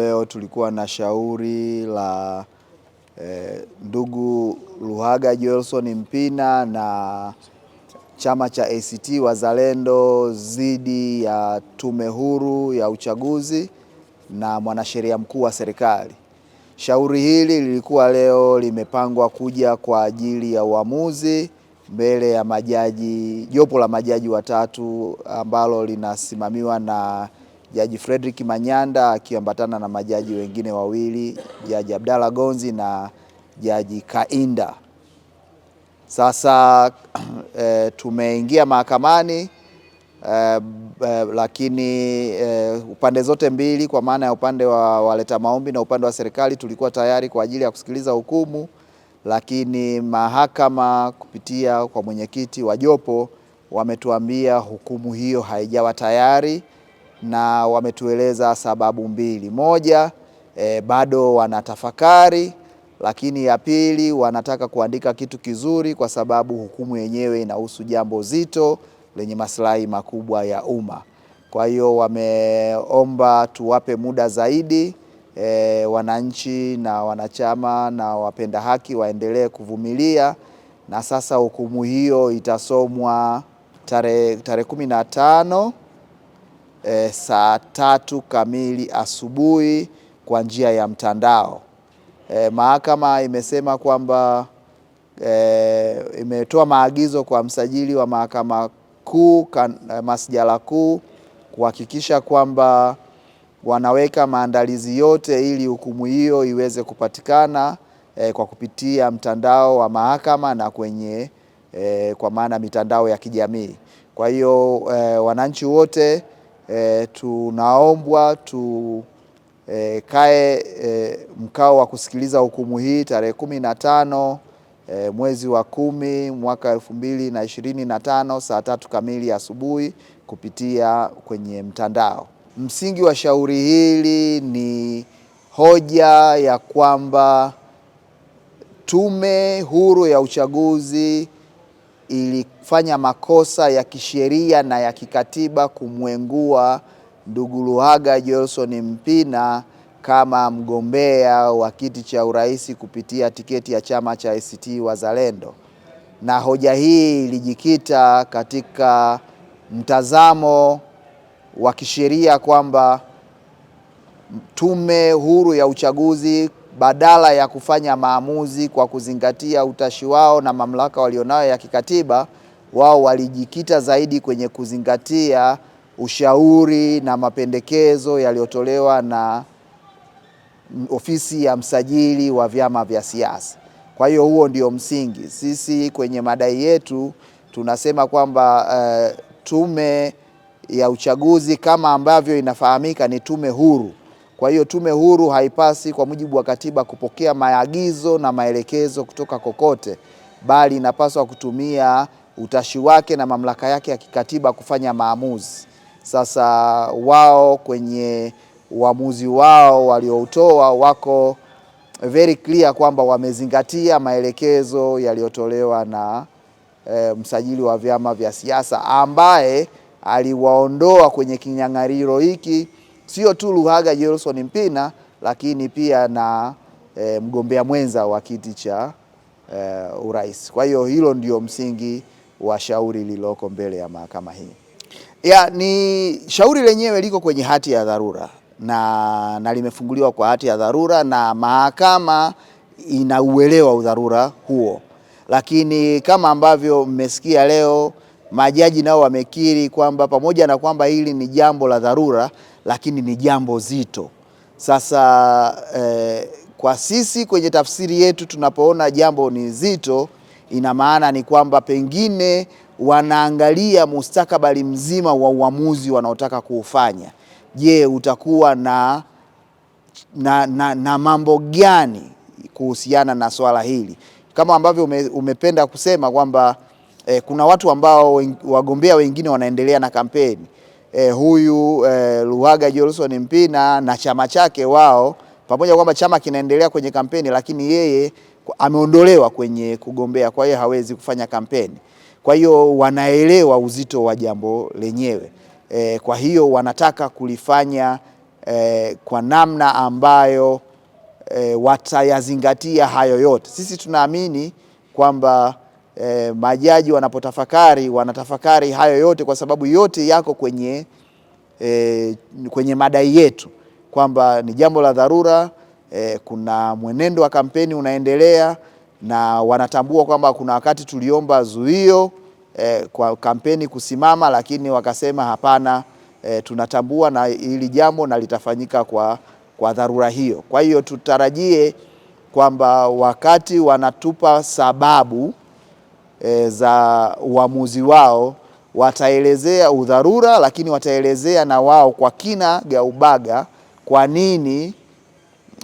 leo tulikuwa na shauri la eh, ndugu Luhaga Joelson Mpina na chama cha ACT Wazalendo dhidi ya Tume Huru ya Uchaguzi na Mwanasheria Mkuu wa Serikali. Shauri hili lilikuwa leo limepangwa kuja kwa ajili ya uamuzi mbele ya majaji, jopo la majaji watatu ambalo linasimamiwa na Jaji Frederick Manyanda akiambatana na majaji wengine wawili, Jaji Abdalla Gonzi na Jaji Kainda. Sasa e, tumeingia mahakamani e, e, lakini e, upande zote mbili kwa maana ya upande wa waleta maombi na upande wa serikali tulikuwa tayari kwa ajili ya kusikiliza hukumu, lakini mahakama kupitia kwa mwenyekiti wa jopo wametuambia hukumu hiyo haijawa tayari na wametueleza sababu mbili. Moja, e, bado wanatafakari, lakini ya pili wanataka kuandika kitu kizuri, kwa sababu hukumu yenyewe inahusu jambo zito lenye maslahi makubwa ya umma. Kwa hiyo wameomba tuwape muda zaidi e, wananchi na wanachama na wapenda haki waendelee kuvumilia, na sasa hukumu hiyo itasomwa tarehe tarehe kumi na tano e, saa tatu kamili asubuhi kwa njia ya mtandao. E, mahakama imesema kwamba e, imetoa maagizo kwa msajili wa mahakama kuu kan, e, masijala kuu kuhakikisha kwamba wanaweka maandalizi yote ili hukumu hiyo iweze kupatikana e, kwa kupitia mtandao wa mahakama na kwenye e, kwa maana mitandao ya kijamii. Kwa hiyo e, wananchi wote e, tunaombwa tukae eh, e, eh, mkao wa kusikiliza hukumu hii tarehe kumi na tano e, mwezi wa kumi mwaka elfu mbili na ishirini na tano saa tatu kamili asubuhi kupitia kwenye mtandao. Msingi wa shauri hili ni hoja ya kwamba Tume Huru ya Uchaguzi ilifanya makosa ya kisheria na ya kikatiba kumwengua ndugu Luhaga Johnson Mpina kama mgombea wa kiti cha urais kupitia tiketi ya chama cha ACT Wazalendo, na hoja hii ilijikita katika mtazamo wa kisheria kwamba tume huru ya uchaguzi badala ya kufanya maamuzi kwa kuzingatia utashi wao na mamlaka walionayo ya kikatiba, wao walijikita zaidi kwenye kuzingatia ushauri na mapendekezo yaliyotolewa na ofisi ya msajili wa vyama vya siasa. Kwa hiyo huo ndio msingi. Sisi kwenye madai yetu tunasema kwamba uh, tume ya uchaguzi kama ambavyo inafahamika ni tume huru kwa hiyo tume huru haipasi kwa mujibu wa katiba kupokea maagizo na maelekezo kutoka kokote, bali inapaswa kutumia utashi wake na mamlaka yake ya kikatiba kufanya maamuzi. Sasa wao kwenye uamuzi wao walioutoa wako very clear kwamba wamezingatia maelekezo yaliyotolewa na e, msajili wa vyama vya siasa ambaye aliwaondoa kwenye kinyang'ariro hiki sio tu Luhaga Jerson Mpina, lakini pia na e, mgombea mwenza wa kiti cha e, urais. Kwa hiyo hilo ndio msingi wa shauri lililoko mbele ya mahakama hii. Ya, ni shauri lenyewe liko kwenye hati ya dharura na, na limefunguliwa kwa hati ya dharura na mahakama inauelewa udharura huo, lakini kama ambavyo mmesikia leo majaji nao wamekiri kwamba pamoja na kwamba hili ni jambo la dharura lakini ni jambo zito. Sasa eh, kwa sisi kwenye tafsiri yetu tunapoona jambo ni zito, ina maana ni kwamba pengine wanaangalia mustakabali mzima wa uamuzi wanaotaka kuufanya. Je, utakuwa na, na, na, na mambo gani kuhusiana na swala hili, kama ambavyo ume, umependa kusema kwamba eh, kuna watu ambao wagombea wengine wanaendelea na kampeni eh, huyu eh, Luhaga Johnson Mpina na chama chake wao, pamoja kwamba chama kinaendelea kwenye kampeni, lakini yeye ameondolewa kwenye kugombea, kwa hiyo hawezi kufanya kampeni. Kwa hiyo wanaelewa uzito wa jambo lenyewe e, kwa hiyo wanataka kulifanya e, kwa namna ambayo e, watayazingatia hayo yote. Sisi tunaamini kwamba e, majaji wanapotafakari wanatafakari hayo yote kwa sababu yote yako kwenye, e, kwenye madai yetu kwamba ni jambo la dharura e, kuna mwenendo wa kampeni unaendelea na wanatambua kwamba kuna wakati tuliomba zuio e, kwa kampeni kusimama, lakini wakasema hapana, e, tunatambua na hili jambo na litafanyika kwa, kwa dharura hiyo. Kwa hiyo tutarajie kwamba wakati wanatupa sababu e, za uamuzi wao wataelezea udharura, lakini wataelezea na wao kwa kina gaubaga kwa nini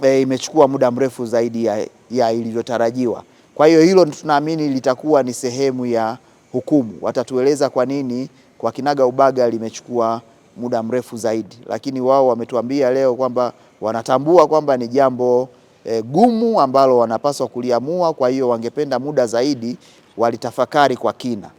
e, imechukua muda mrefu zaidi ya, ya ilivyotarajiwa. Kwa hiyo hilo tunaamini litakuwa ni sehemu ya hukumu, watatueleza kwa nini kwa kinaga ubaga limechukua muda mrefu zaidi, lakini wao wametuambia leo kwamba wanatambua kwamba ni jambo e, gumu ambalo wanapaswa kuliamua. Kwa hiyo wangependa muda zaidi walitafakari kwa kina.